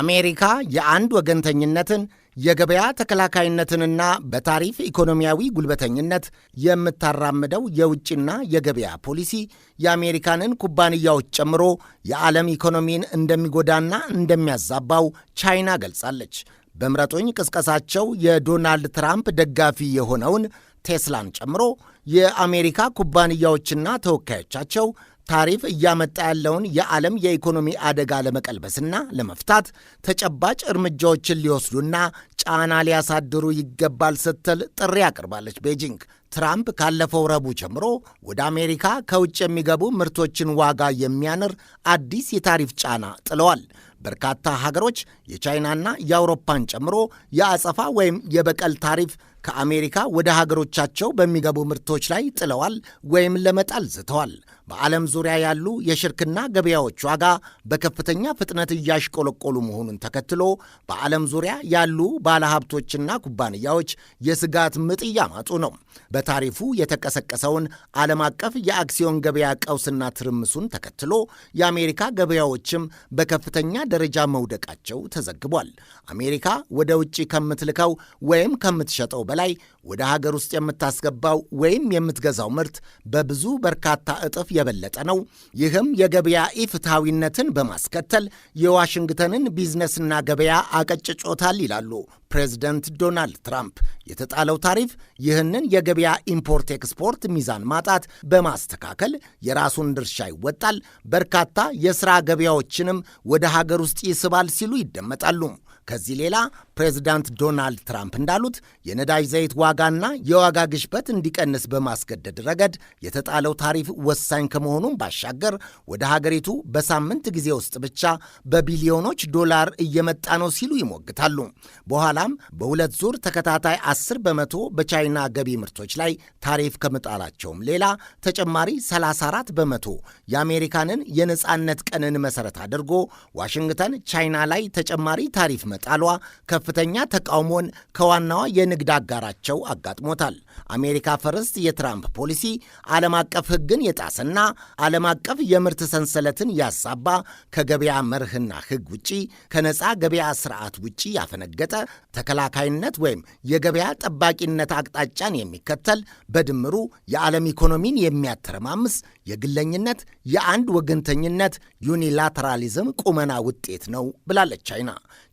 አሜሪካ የአንድ ወገንተኝነትን የገበያ ተከላካይነትንና በታሪፍ ኢኮኖሚያዊ ጉልበተኝነት የምታራምደው የውጭና የገበያ ፖሊሲ የአሜሪካንን ኩባንያዎች ጨምሮ የዓለም ኢኮኖሚን እንደሚጎዳና እንደሚያዛባው ቻይና ገልጻለች። በምረጡኝ ቅስቀሳቸው የዶናልድ ትራምፕ ደጋፊ የሆነውን ቴስላን ጨምሮ የአሜሪካ ኩባንያዎችና ተወካዮቻቸው ታሪፍ እያመጣ ያለውን የዓለም የኢኮኖሚ አደጋ ለመቀልበስና ለመፍታት ተጨባጭ እርምጃዎችን ሊወስዱና ጫና ሊያሳድሩ ይገባል ስትል ጥሪ አቅርባለች ቤጂንግ። ትራምፕ ካለፈው ረቡዕ ጀምሮ ወደ አሜሪካ ከውጭ የሚገቡ ምርቶችን ዋጋ የሚያንር አዲስ የታሪፍ ጫና ጥለዋል። በርካታ ሀገሮች የቻይናና የአውሮፓን ጨምሮ የአጸፋ ወይም የበቀል ታሪፍ ከአሜሪካ ወደ ሀገሮቻቸው በሚገቡ ምርቶች ላይ ጥለዋል ወይም ለመጣል ዝተዋል። በዓለም ዙሪያ ያሉ የሽርክና ገበያዎች ዋጋ በከፍተኛ ፍጥነት እያሽቆለቆሉ መሆኑን ተከትሎ በዓለም ዙሪያ ያሉ ባለሀብቶችና ኩባንያዎች የስጋት ምጥ እያማጡ ነው። በታሪፉ የተቀሰቀሰውን ዓለም አቀፍ የአክሲዮን ገበያ ቀውስና ትርምሱን ተከትሎ የአሜሪካ ገበያዎችም በከፍተኛ ደረጃ መውደቃቸው ተዘግቧል። አሜሪካ ወደ ውጭ ከምትልከው ወይም ከምትሸጠው በላይ ወደ ሀገር ውስጥ የምታስገባው ወይም የምትገዛው ምርት በብዙ በርካታ እጥፍ የበለጠ ነው። ይህም የገበያ ኢፍትሐዊነትን በማስከተል የዋሽንግተንን ቢዝነስና ገበያ አቀጭጮታል ይላሉ ፕሬዚደንት ዶናልድ ትራምፕ የተጣለው ታሪፍ ይህንን የገበያ ኢምፖርት ኤክስፖርት ሚዛን ማጣት በማስተካከል የራሱን ድርሻ ይወጣል፣ በርካታ የሥራ ገበያዎችንም ወደ ሀገር ውስጥ ይስባል ሲሉ ይደመጣሉ። ከዚህ ሌላ ፕሬዝዳንት ዶናልድ ትራምፕ እንዳሉት የነዳጅ ዘይት ዋጋና የዋጋ ግሽበት እንዲቀንስ በማስገደድ ረገድ የተጣለው ታሪፍ ወሳኝ ከመሆኑም ባሻገር ወደ ሀገሪቱ በሳምንት ጊዜ ውስጥ ብቻ በቢሊዮኖች ዶላር እየመጣ ነው ሲሉ ይሞግታሉ። በኋላ በኋላም በሁለት ዙር ተከታታይ 10 በመቶ በቻይና ገቢ ምርቶች ላይ ታሪፍ ከመጣላቸውም ሌላ ተጨማሪ 34 በመቶ የአሜሪካንን የነፃነት ቀንን መሠረት አድርጎ ዋሽንግተን ቻይና ላይ ተጨማሪ ታሪፍ መጣሏ ከፍተኛ ተቃውሞን ከዋናዋ የንግድ አጋራቸው አጋጥሞታል። አሜሪካ ፈርስት የትራምፕ ፖሊሲ ዓለም አቀፍ ሕግን የጣሰና ዓለም አቀፍ የምርት ሰንሰለትን ያሳባ ከገበያ መርህና ሕግ ውጪ ከነፃ ገበያ ስርዓት ውጪ ያፈነገጠ ተከላካይነት ወይም የገበያ ጠባቂነት አቅጣጫን የሚከተል በድምሩ የዓለም ኢኮኖሚን የሚያተረማምስ የግለኝነት፣ የአንድ ወገንተኝነት ዩኒላተራሊዝም ቁመና ውጤት ነው ብላለች ቻይና።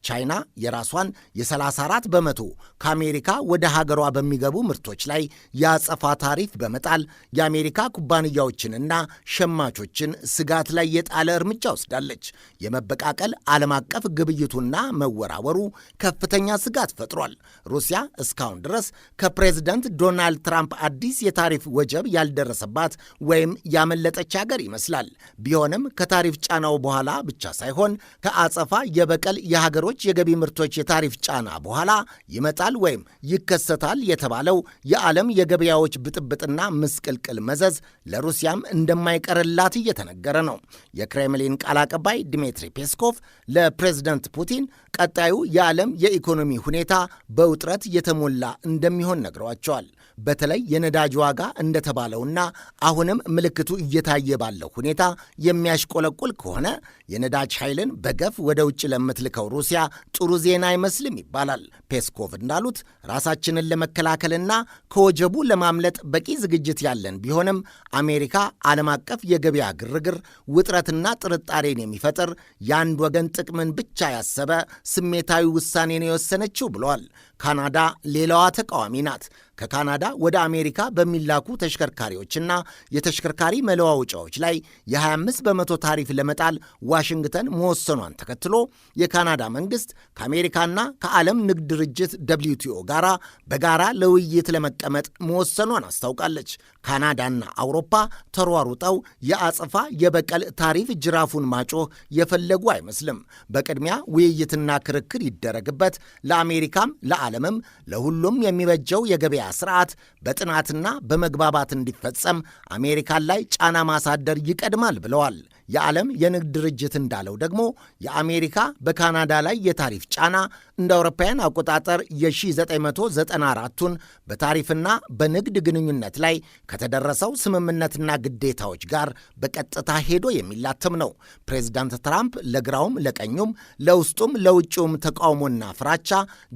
ቻይና የራሷን የ34 በመቶ ከአሜሪካ ወደ ሀገሯ በሚገቡ ምርቶች ላይ የአጸፋ ታሪፍ በመጣል የአሜሪካ ኩባንያዎችንና ሸማቾችን ስጋት ላይ የጣለ እርምጃ ወስዳለች። የመበቃቀል ዓለም አቀፍ ግብይቱና መወራወሩ ከፍተኛ ስጋት ፈጥሯል። ሩሲያ እስካሁን ድረስ ከፕሬዝደንት ዶናልድ ትራምፕ አዲስ የታሪፍ ወጀብ ያልደረሰባት ወይም ያመለጠች ሀገር ይመስላል። ቢሆንም ከታሪፍ ጫናው በኋላ ብቻ ሳይሆን ከአጸፋ የበቀል የሀገሮች የገቢ ምርቶች የታሪፍ ጫና በኋላ ይመጣል ወይም ይከሰታል የተባለው የዓለም የገበያዎች ብጥብጥና ምስቅልቅል መዘዝ ለሩሲያም እንደማይቀርላት እየተነገረ ነው። የክሬምሊን ቃል አቀባይ ድሜትሪ ፔስኮቭ ለፕሬዝደንት ፑቲን ቀጣዩ የዓለም የኢኮኖሚ ሁኔታ በውጥረት የተሞላ እንደሚሆን ነግረዋቸዋል። በተለይ የነዳጅ ዋጋ እንደተባለውና አሁንም ምልክቱ እየታየ ባለው ሁኔታ የሚያሽቆለቁል ከሆነ የነዳጅ ኃይልን በገፍ ወደ ውጭ ለምትልከው ሩሲያ ጥሩ ዜና አይመስልም ይባላል። ፔስኮቭ እንዳሉት ራሳችንን ለመከላከልና ከወጀቡ ለማምለጥ በቂ ዝግጅት ያለን ቢሆንም አሜሪካ ዓለም አቀፍ የገበያ ግርግር ውጥረትና ጥርጣሬን የሚፈጥር የአንድ ወገን ጥቅምን ብቻ ያሰበ ስሜታዊ ውሳኔ ነው የወሰነችው ብሏል። ካናዳ ሌላዋ ተቃዋሚ ናት። ከካናዳ ወደ አሜሪካ በሚላኩ ተሽከርካሪዎችና የተሽከርካሪ መለዋወጫዎች ላይ የ25 በመቶ ታሪፍ ለመጣል ዋሽንግተን መወሰኗን ተከትሎ የካናዳ መንግስት ከአሜሪካና ከዓለም ንግድ ድርጅት ደብሊውቲኦ ጋር በጋራ ለውይይት ለመቀመጥ መወሰኗን አስታውቃለች። ካናዳና አውሮፓ ተሯሩጠው የአጸፋ የበቀል ታሪፍ ጅራፉን ማጮህ የፈለጉ አይመስልም። በቅድሚያ ውይይትና ክርክር ይደረግበት። ለአሜሪካም ለዓለምም ለሁሉም የሚበጀው የገበያ ስርዓት በጥናትና በመግባባት እንዲፈጸም አሜሪካን ላይ ጫና ማሳደር ይቀድማል ብለዋል። የዓለም የንግድ ድርጅት እንዳለው ደግሞ የአሜሪካ በካናዳ ላይ የታሪፍ ጫና እንደ አውሮፓውያን አቆጣጠር የ1994ቱን በታሪፍና በንግድ ግንኙነት ላይ ከተደረሰው ስምምነትና ግዴታዎች ጋር በቀጥታ ሄዶ የሚላተም ነው። ፕሬዚዳንት ትራምፕ ለግራውም ለቀኙም ለውስጡም ለውጭውም ተቃውሞና ፍራቻ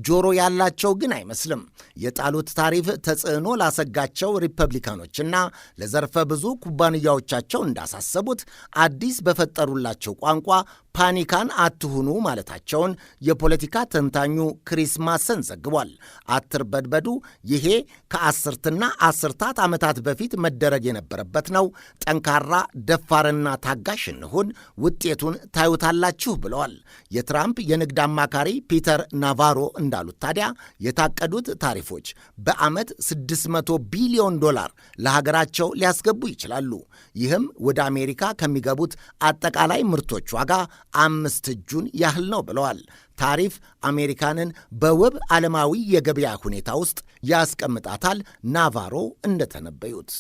ጆሮ ያላቸው ግን አይመስልም። የጣሉት ታሪፍ ተጽዕኖ ላሰጋቸው ሪፐብሊካኖችና ለዘርፈ ብዙ ኩባንያዎቻቸው እንዳሳሰቡት አዲስ በፈጠሩላቸው ቋንቋ ፓኒካን አትሁኑ ማለታቸውን የፖለቲካ ተንታኙ ክሪስ ማሰን ዘግቧል። አትርበድበዱ፣ ይሄ ከአስርትና አስርታት ዓመታት በፊት መደረግ የነበረበት ነው። ጠንካራ ደፋርና ታጋሽ እንሁን፣ ውጤቱን ታዩታላችሁ ብለዋል። የትራምፕ የንግድ አማካሪ ፒተር ናቫሮ እንዳሉት ታዲያ የታቀዱት ታሪፎች በዓመት 600 ቢሊዮን ዶላር ለሀገራቸው ሊያስገቡ ይችላሉ። ይህም ወደ አሜሪካ ከሚገቡት አጠቃላይ ምርቶች ዋጋ አምስት እጁን ያህል ነው ብለዋል። ታሪፍ አሜሪካንን በውብ ዓለማዊ የገበያ ሁኔታ ውስጥ ያስቀምጣታል ናቫሮ እንደተነበዩት